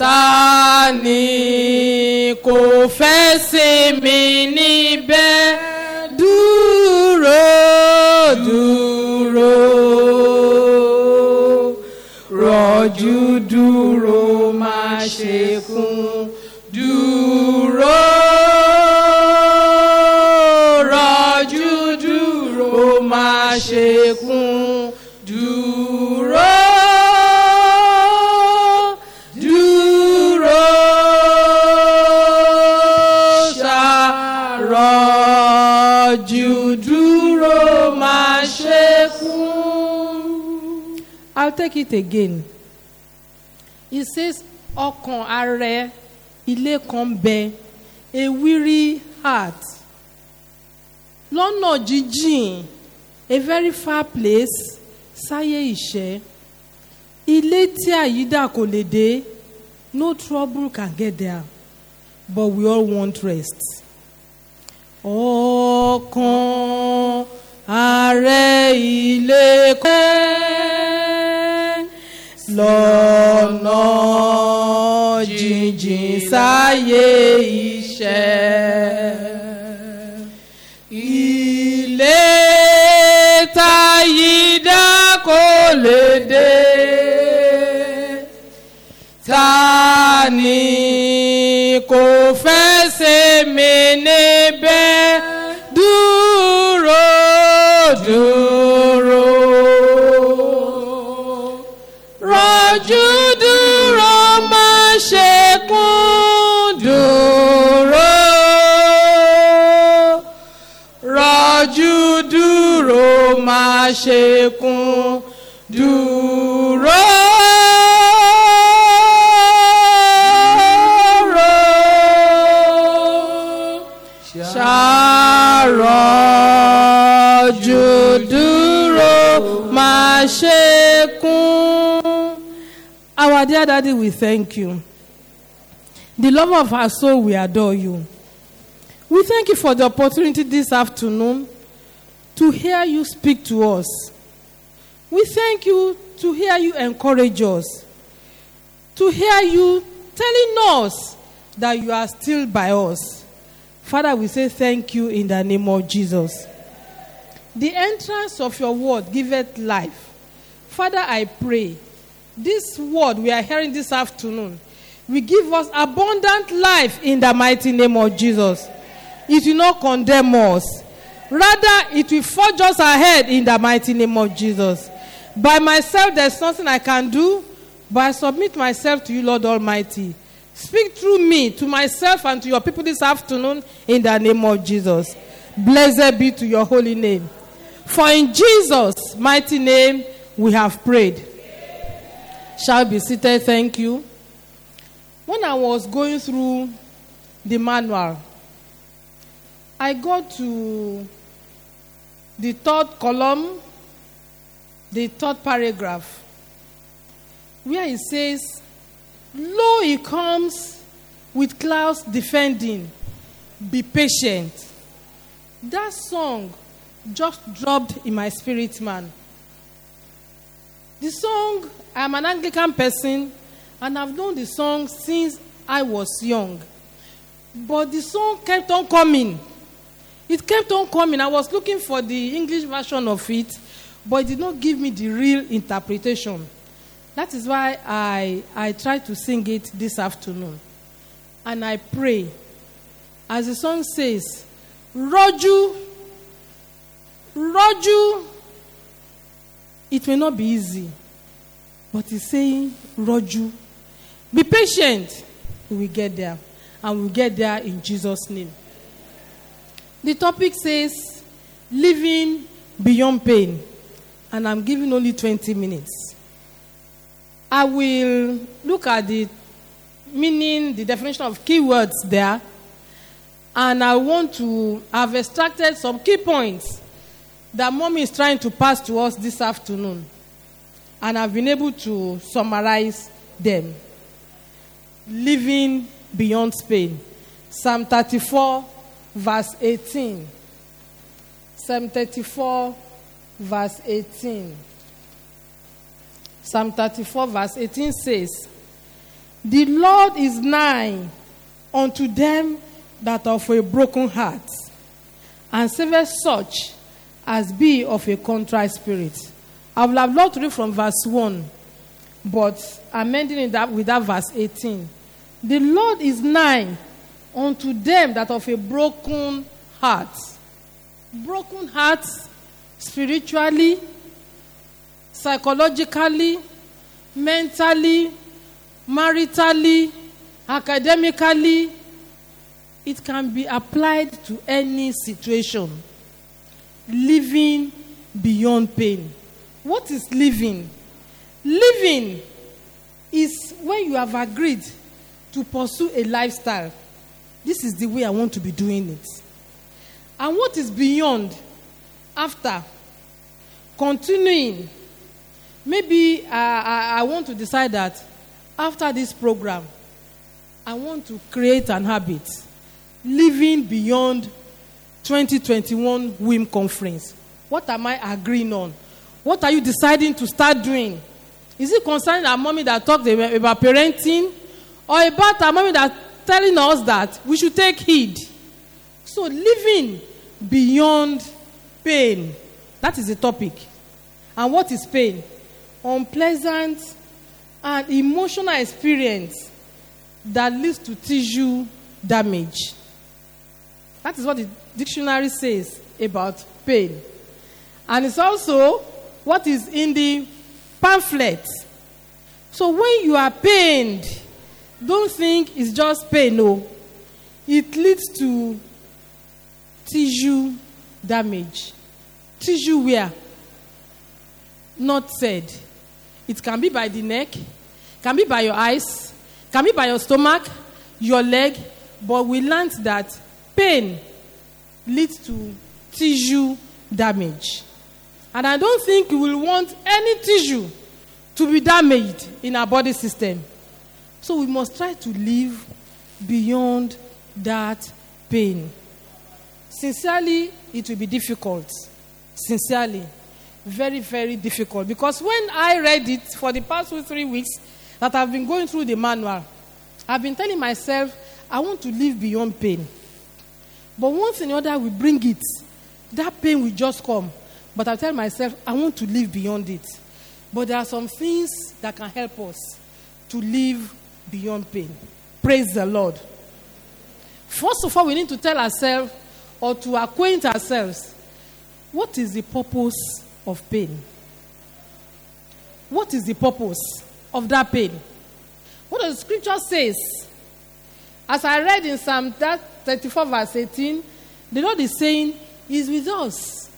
ta ni kò fẹ́ sinmi níbẹ̀ dúró dúró rọ̀jú dúró. take it again he says ọkàn arẹ ilé kan bẹ a weary heart lọ́nà jíjìn a very far place sáyé ìṣẹ́ ilé tí àyídà kò lè dé no trouble can get there but we all want rest. ọkàn ààrẹ ilé kọ́ẹ́ lọ́nà jìnjìn sáyé iṣẹ́ ilé tayídá kò lè dé ta ni kò fẹ́ ṣe mí ní. fojú dúró má ṣe kún dúró rọjú dúró má ṣe kún Dear Daddy, we thank you. The love of our soul, we adore you. We thank you for the opportunity this afternoon to hear you speak to us. We thank you to hear you encourage us, to hear you telling us that you are still by us. Father, we say thank you in the name of Jesus. The entrance of your word giveth life. Father, I pray this word we are hearing this afternoon will give us abundant life in the mighty name of Jesus. It will not condemn us. Rather, it will forge us ahead in the mighty name of Jesus. By myself, there's nothing I can do, but I submit myself to you, Lord Almighty. Speak through me to myself and to your people this afternoon in the name of Jesus. Blessed be to your holy name. For in Jesus' mighty name we have prayed shall be seated. Thank you. When I was going through the manual, I got to the third column, the third paragraph, where it says, Lo, he comes with clouds defending. Be patient. That song just dropped in my spirit, man. The song, I'm an Anglican person and I've known the song since I was young. But the song kept on coming. It kept on coming. I was looking for the English version of it, but it did not give me the real interpretation. That is why I, I tried to sing it this afternoon. And I pray, as the song says, Roju, Roju, it may not be easy, but he's saying, Roju, be patient. We will get there. And we'll get there in Jesus' name. The topic says, Living Beyond Pain. And I'm giving only 20 minutes. I will look at the meaning, the definition of keywords there. And I want to, have extracted some key points that mom is trying to pass to us this afternoon. And I've been able to summarize them. Living beyond Spain. Psalm 34, verse 18. Psalm 34, verse 18. Psalm 34, verse 18 says, The Lord is nigh unto them that are of a broken heart, and saveth such as be of a contrite spirit. I would have loved to read from verse 1, but I'm ending it up with that verse 18. The Lord is nigh unto them that of a broken heart. Broken hearts, spiritually, psychologically, mentally, maritally, academically. It can be applied to any situation living beyond pain. What is living? Living is when you have agreed to pursue a lifestyle. This is the way I want to be doing it. And what is beyond, after, continuing. Maybe I, uh, I, I want to decide that after this program, I want to create an habit living beyond 2021 WIM conference? What am I agreeing on? What are you deciding to start doing? Is it concerning our mommy that talked about parenting? Or about our mommy that telling us that we should take heed? So living beyond pain. That is the topic. And what is pain? Unpleasant and emotional experience that leads to tissue damage. That is what the dictionary says about pain. And it's also what is in the pamphlet. So when you are pained, don't think it's just pain, no. It leads to tissue damage, tissue wear, not said. It can be by the neck, can be by your eyes, can be by your stomach, your leg, but we learned that pain leads to tissue damage. And I don't think we will want any tissue to be damaged in our body system. So we must try to live beyond that pain. Sincerely, it will be difficult. Sincerely, very, very difficult. Because when I read it for the past two, three weeks that I've been going through the manual, I've been telling myself, I want to live beyond pain. But once in order we bring it, that pain will just come. But I tell myself, I want to live beyond it. But there are some things that can help us to live beyond pain. Praise the Lord. First of all, we need to tell ourselves or to acquaint ourselves what is the purpose of pain? What is the purpose of that pain? What does the scripture says? As I read in Psalm that 34 verse 18, the Lord is saying, is with us.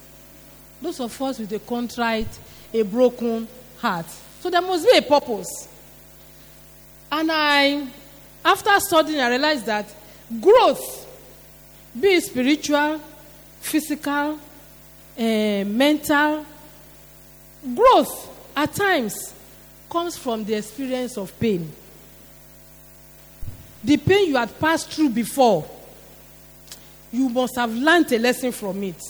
Those of us with a contrite, a broken heart. So there must be a purpose. And I, after studying, I realized that growth, be it spiritual, physical, uh, mental, growth at times comes from the experience of pain. The pain you had passed through before you must have learned a lesson from it.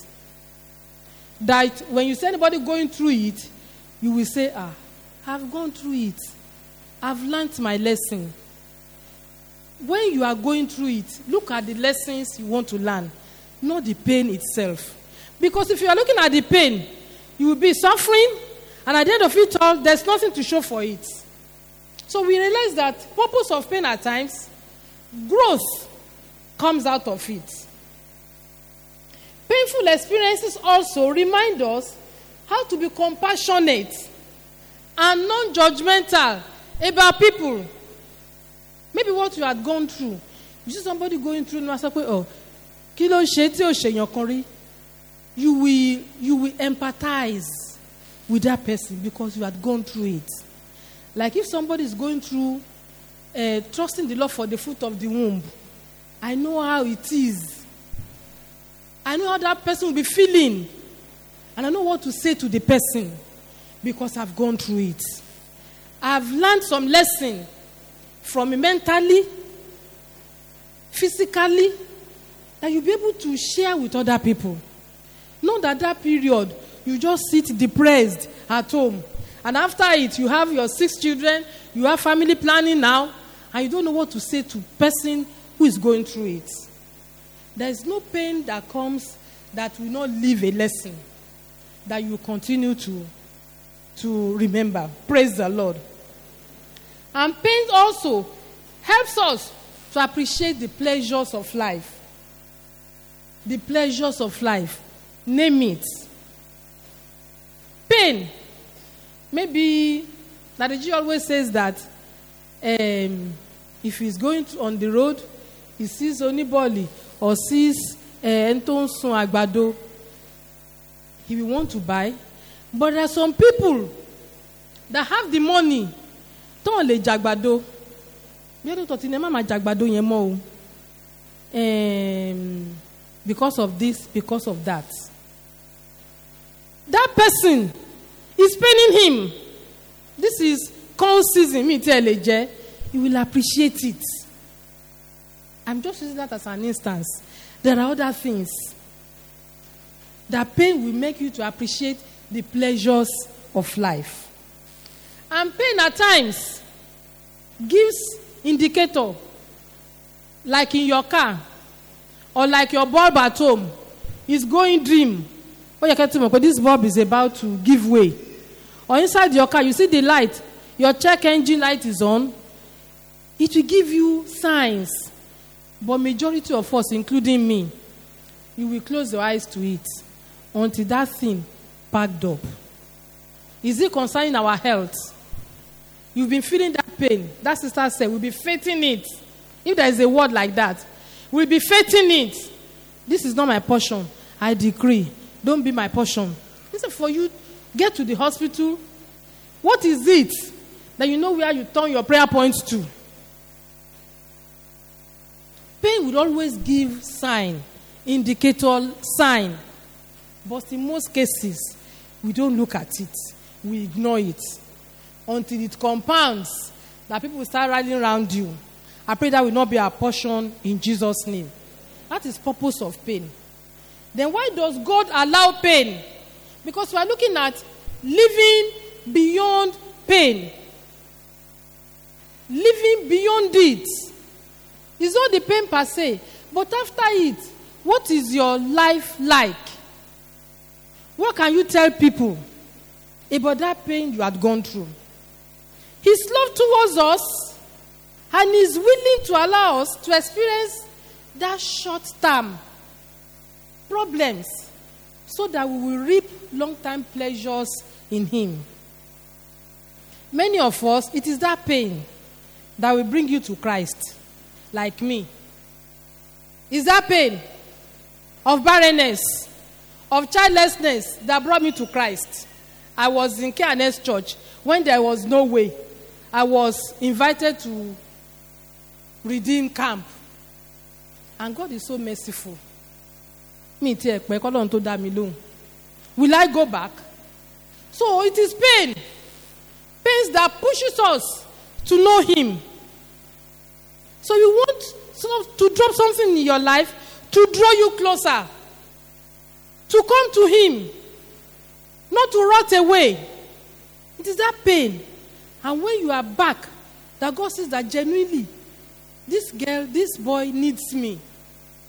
That when you see anybody going through it, you will say, Ah, I've gone through it. I've learned my lesson. When you are going through it, look at the lessons you want to learn, not the pain itself. Because if you are looking at the pain, you will be suffering, and at the end of it all, there's nothing to show for it. So we realize that purpose of pain at times, growth comes out of it. Painful experiences also remind us how to be compassionate and non judgmental about people. Maybe what you had gone through. You see somebody going through now, say, oh, kí ló ń ṣe tí You will, you will empathize with that person because you had gone through it. Like if somebody is going through uh, trusting the Lord for the foot of the womb, I know how it is I know how that person will be feeling. And I know what to say to the person because I've gone through it. I've learned some lesson from mentally, physically, that you'll be able to share with other people. Not that that period you just sit depressed at home. And after it, you have your six children, you have family planning now, and you don't know what to say to person who is going through it. There is no pain that comes that will not leave a lesson that you continue to, to remember. Praise the Lord. And pain also helps us to appreciate the pleasures of life. The pleasures of life. Name it. Pain. Maybe Nadiji always says that um, if he's going on the road, he sees only Bali. or sees eh, ẹni tó ń sun àgbàdo he will want to buy but there are some people that have the money tó lè jagbado. bí ẹni tó ti ní ẹ má máa jàgbàdo yẹn mọ́ o because of this because of that that person is paining him this is corn season mi tí ẹ lè jẹ he will appreciate it. I'm just using that as an instance. There are other things. That pain will make you to appreciate the pleasures of life. And pain at times gives indicator, like in your car, or like your bulb at home, is going dim. Oh, you can't but this bulb is about to give way. Or inside your car, you see the light, your check engine light is on. It will give you signs but majority of us, including me, you will close your eyes to it until that thing packed up. Is it concerning our health? You've been feeling that pain. That sister said, we'll be fighting it. If there is a word like that, we'll be fighting it. This is not my portion. I decree. Don't be my portion. This is for you. Get to the hospital. What is it that you know where you turn your prayer points to? Pain will always give sign, indicator sign. But in most cases, we don't look at it. We ignore it until it compounds that people start rallying around you. I pray that will not be our portion in Jesus' name. That is purpose of pain. Then why does God allow pain? Because we are looking at living beyond pain. Living beyond it. It's not the pain per se, but after it, what is your life like? What can you tell people about that pain you had gone through? His love towards us, and is willing to allow us to experience that short term problems so that we will reap long term pleasures in Him. Many of us, it is that pain that will bring you to Christ. like me? Is that pain of barrenness, of childlessness that brought me to Christ? I was in KNS church when there was no way. I was invited to redeem camp. And God is so merciful. Mi ti ẹ̀pẹ́ kọ́lọ́run tó dá mi lóhùn. Will I go back? So it is pain. Pains that pushes us to know Him. So you want to drop something in your life to draw you closer, to come to Him, not to rot away. It is that pain. And when you are back, that God says that genuinely, this girl, this boy needs me.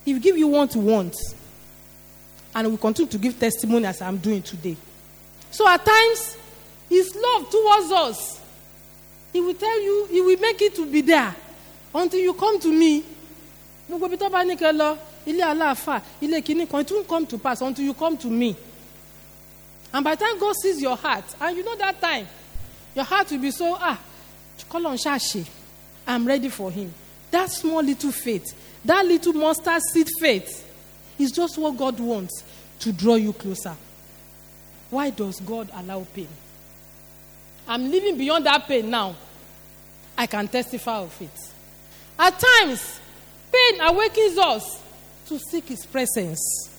He will give you what you want. And will continue to give testimony as I'm doing today. So at times, his love towards us, he will tell you, he will make it to be there until you come to me gbogbo ibi tó bá ní kẹ́ lọ ilé aláàfáà ilé kìíní kan it won't come to pass until you come to me and by the time God sees your heart and you know that time your heart will be so ah call on ń ṣàṣe I'm ready for him that small little faith that little mustard seed faith is just what God wants to draw you closer why does God allow pain I'm living beyond that pain now I can testify of it. At times, pain awakens us to seek His presence.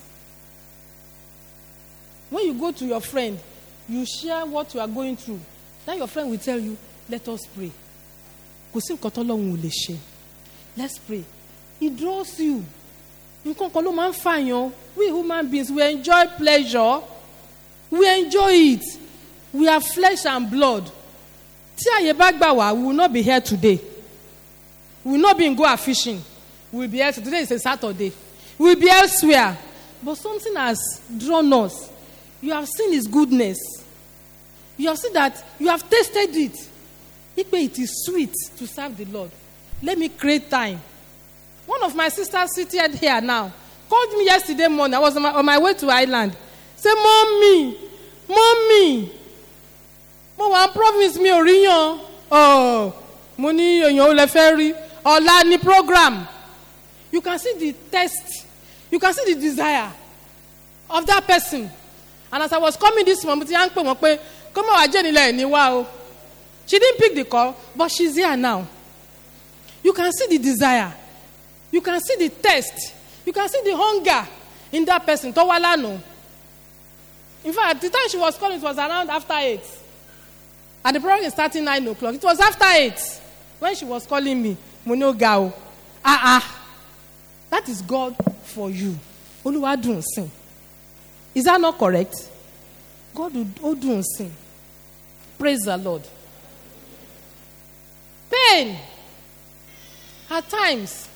When you go to your friend, you share what you are going through. Then your friend will tell you, Let us pray. Kò sí nǹkan tọ́lọ́run Let's pray. He draws you. We human beings, we enjoy pleasure. We enjoy it. We are flesh and blood. Tí àyè bá we will not be here today we will not be in Goa fishing we will be elsewhere today is a Saturday we will be elsewhere but something has drawn us you have seen his goodness you have seen that you have tasted it ipe it is sweet to serve the Lord let me create time one of my sisters seated here now called me yesterday morning i was on my, on my way to Ireland. say mommy mommy mo wà promise mi ò rí yan oh, mo ní èèyàn ò lè fẹ́ rí ọ̀la ni program you can see the test you can see the desire of that person and as i was coming this morning ti yan she didn't pick the call but she's here now you can see the desire you can see the test you can see the hunger in that person tó in fact the time she was calling it was around after eight and the program is starting nine o'clock it was after eight when she was calling me mo ní ó o ah ah that is God for you olúwa dùn sìn is that not correct God ó dùn sìn praise the Lord pain at times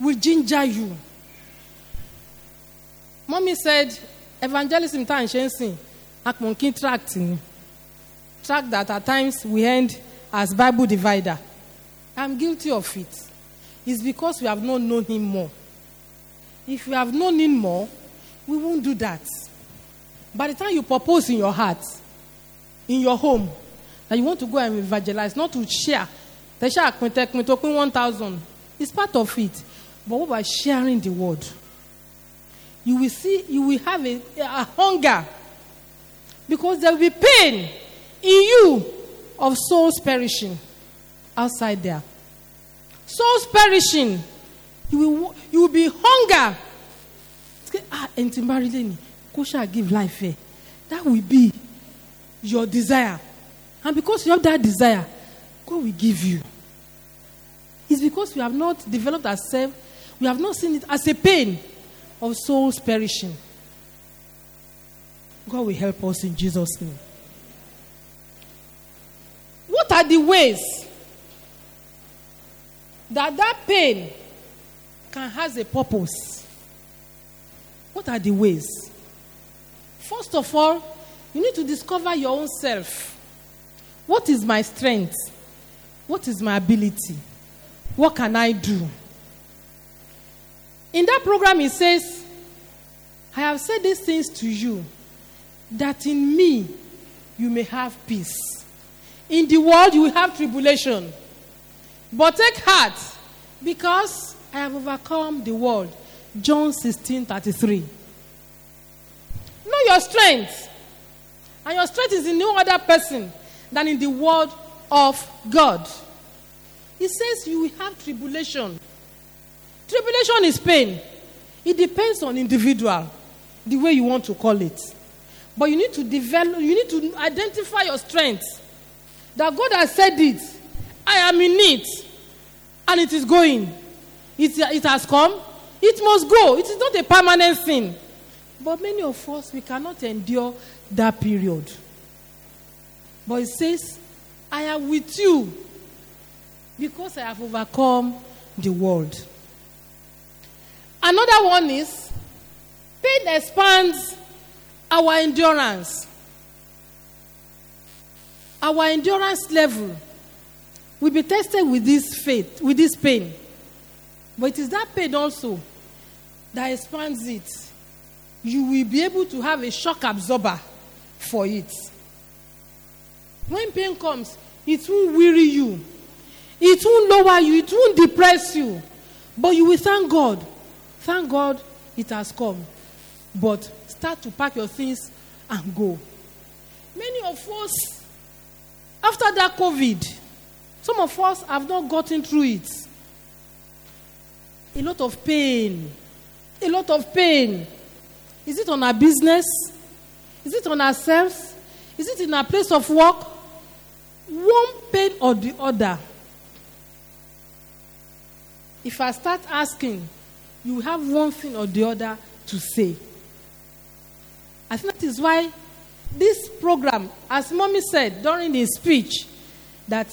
will ginger you mommy said evangelism time à ń ṣe ń sìn akpọ̀nkin tract ni tract that at times we end as Bible divider. I'm guilty of it. It's because we have not known Him more. If we have known Him more, we won't do that. By the time you propose in your heart, in your home, that you want to go and evangelize, not to share, share one thousand. It's part of it. But what about sharing the word? You will see, you will have a, a hunger because there will be pain in you of souls perishing outside there. Souls perishing. You will, you will be hunger. Ah, Entimarileni, Kosha give life. Eh? That will be your desire. And because you have that desire, God will give you. It's because we have not developed ourselves, we have not seen it as a pain of souls perishing. God will help us in Jesus' name. What are the ways that that pain can has a purpose. What are the ways? First of all, you need to discover your own self. What is my strength? What is my ability? What can I do? In that program, it says, I have said these things to you, that in me you may have peace. In the world, you will have tribulation. But take heart, because I have overcome the world. John 16 33. Know your strength. And your strength is in no other person than in the word of God. He says you will have tribulation. Tribulation is pain. It depends on individual, the way you want to call it. But you need to develop, you need to identify your strength. That God has said it. I am in it. and it is going. It, it has come. It must go. It is not a permanent thing. But many of us, we cannot endure that period. But it says, I am with you because I have overcome the world. Another one is pain expands our endurance, our endurance level. will be tested with this faith, with this pain. But it is that pain also that expands it. You will be able to have a shock absorber for it. When pain comes, it won't weary you, it won't lower you, it won't depress you. But you will thank God. Thank God it has come. But start to pack your things and go. Many of us, after that COVID, some of us have not gotten through it. A lot of pain. A lot of pain. Is it on our business? Is it on ourselves? Is it in our place of work? One pain or the other. If I start asking, you have one thing or the other to say. I think that is why this program, as mommy said during the speech, that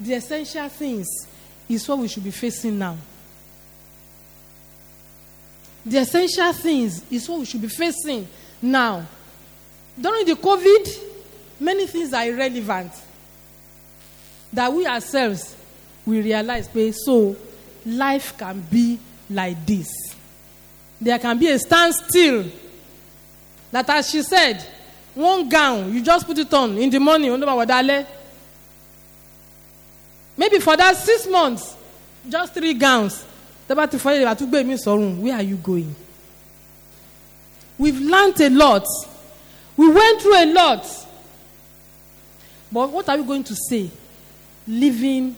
The essential things is what we should be facing now. The essential things is what we should be facing now. During the COVID, many things are irrelevant that we ourselves we realize pé so life can be like this. There can be a standstill that as she said one gown you just put it on in the morning maybe for that six months just three gowns tẹ́bá ti fọ́lẹ́ ìbá tún gbé mi sọ́run where are you going we've learnt a lot we went through a lot but what are we going to say living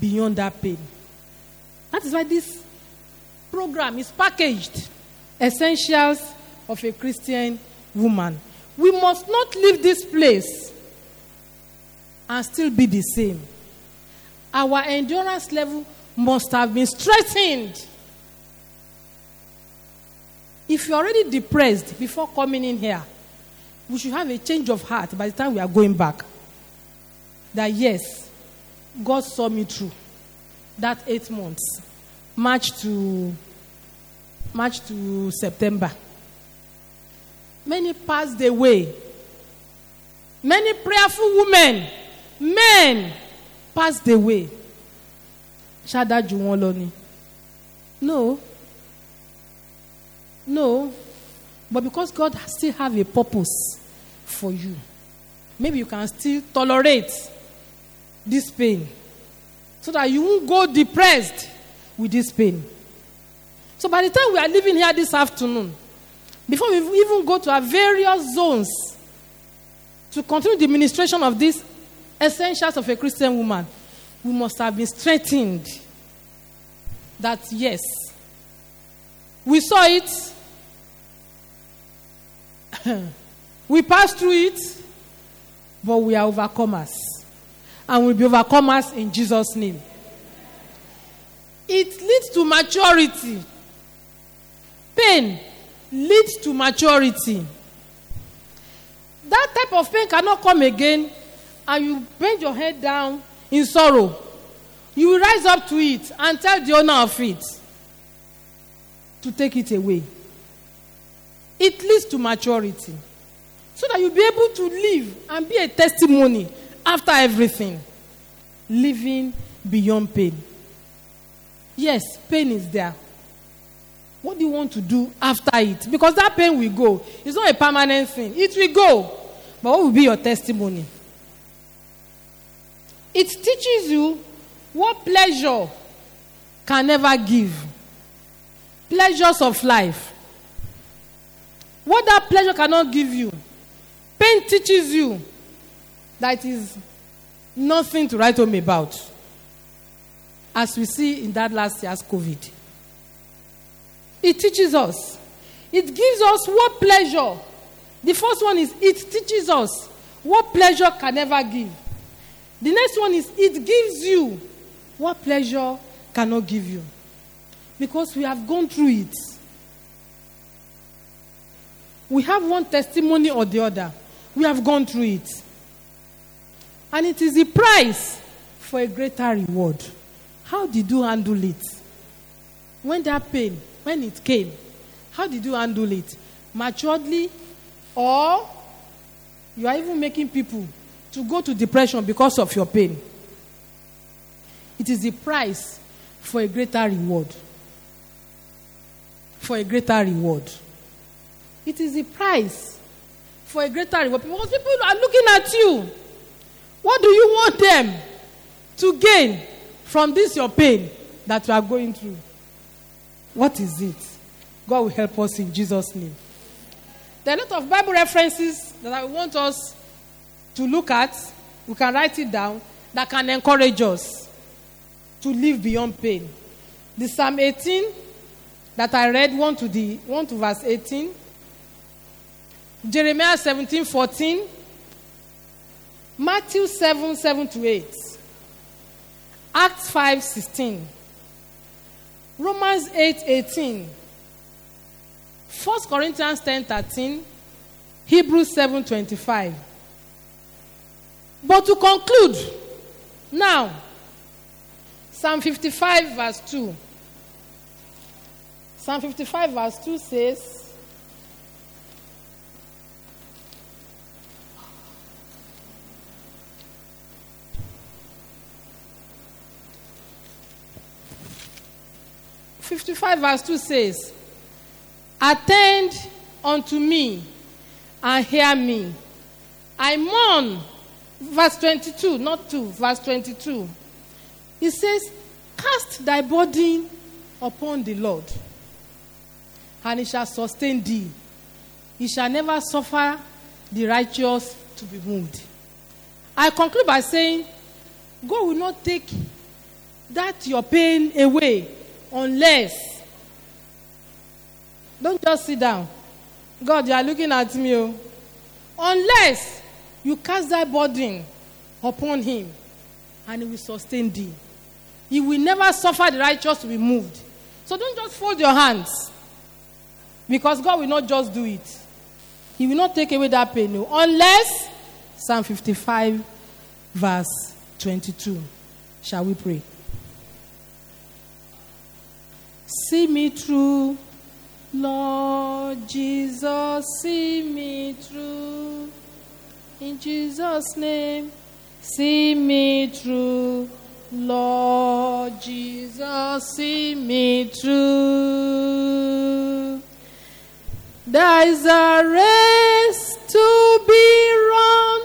beyond that pain that is why this program is packaged essentials of a Christian woman we must not leave this place and still be the same our endurance level must have been strengthened. If you're already depressed before coming in here, we should have a change of heart by the time we are going back. That yes, God saw me through that eight months, March to March to September. Many passed away. Many prayerful women, men, passed away ṣáadá ju wọn lọ ni no no but because God still have a purpose for you maybe you can still tolerate this pain so that you won't go depressed with this pain so by the time we are leaving here this afternoon before we even go to our various zones to continue the ministration of this essentials of a Christian woman, we must have been strengthened that yes, we saw it, we passed through it, but we are overcomers. And we'll be overcomers in Jesus' name. It leads to maturity. Pain leads to maturity. That type of pain cannot come again and you bend your head down in sorrow, you will rise up to it and tell the owner of it to take it away. It leads to maturity so that you'll be able to live and be a testimony after everything, living beyond pain. Yes, pain is there. What do you want to do after it? Because that pain will go. It's not a permanent thing, it will go. But what will be your testimony? It teaches you what pleasure can never give. Pleasures of life. What that pleasure cannot give you. Pain teaches you that is nothing to write home about. As we see in that last year's COVID. It teaches us. It gives us what pleasure. The first one is it teaches us what pleasure can never give. The next one is it gives you what pleasure cannot give you. Because we have gone through it. We have one testimony or the other. We have gone through it. And it is the price for a greater reward. How did you handle it? When that pain, when it came, how did you handle it? Maturely or you are even making people to go to depression because of your pain. It is the price for a greater reward. For a greater reward. It is the price for a greater reward. Because people are looking at you. What do you want them to gain from this, your pain that you are going through? What is it? God will help us in Jesus' name. There are a lot of Bible references that I want us to look at we can write it down that can encourage us to live beyond pain the psalm 18 that i read 1 to the 1 to verse 18 jeremiah 17 14 matthew 7 7 to 8 acts 5 16 romans 8 18 1 corinthians 10 13 hebrews 7 25 But to conclude, now, Psalm 55, verse 2. Psalm 55, verse 2 says, Fifty-five verse two says, "Attend unto me, and hear me. I mourn verse 22, not 2, verse 22. He says, Cast thy body upon the Lord, and he shall sustain thee. He shall never suffer the righteous to be moved. I conclude by saying, God will not take that your pain away unless. Don't just sit down. God, you are looking at me. Oh. Unless You cast thy burden upon him, and he will sustain thee. He will never suffer the righteous to be moved. So don't just fold your hands. Because God will not just do it. He will not take away that pain. No. Unless Psalm 55, verse 22. Shall we pray? See me through, Lord Jesus, see me through. In Jesus' name, see me through. Lord Jesus, see me through. There is a race to be run,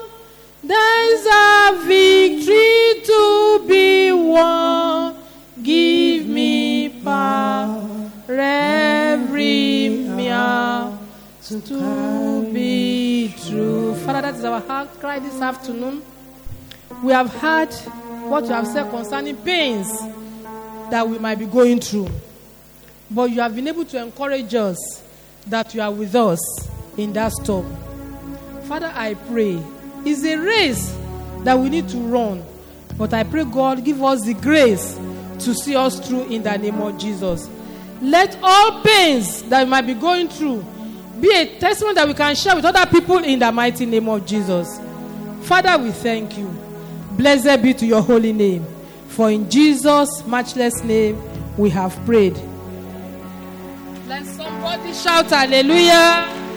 there is a victory to be won. Give me power every meal to be. Father, that is our heart cry this afternoon. We have heard what you have said concerning pains that we might be going through. But you have been able to encourage us that you are with us in that storm. Father, I pray. It's a race that we need to run. But I pray, God, give us the grace to see us through in the name of Jesus. Let all pains that we might be going through be a testimony that we can share with other people in the mighty name of Jesus. Father, we thank you. Blessed be to your holy name. For in Jesus' matchless name we have prayed. Let somebody shout hallelujah.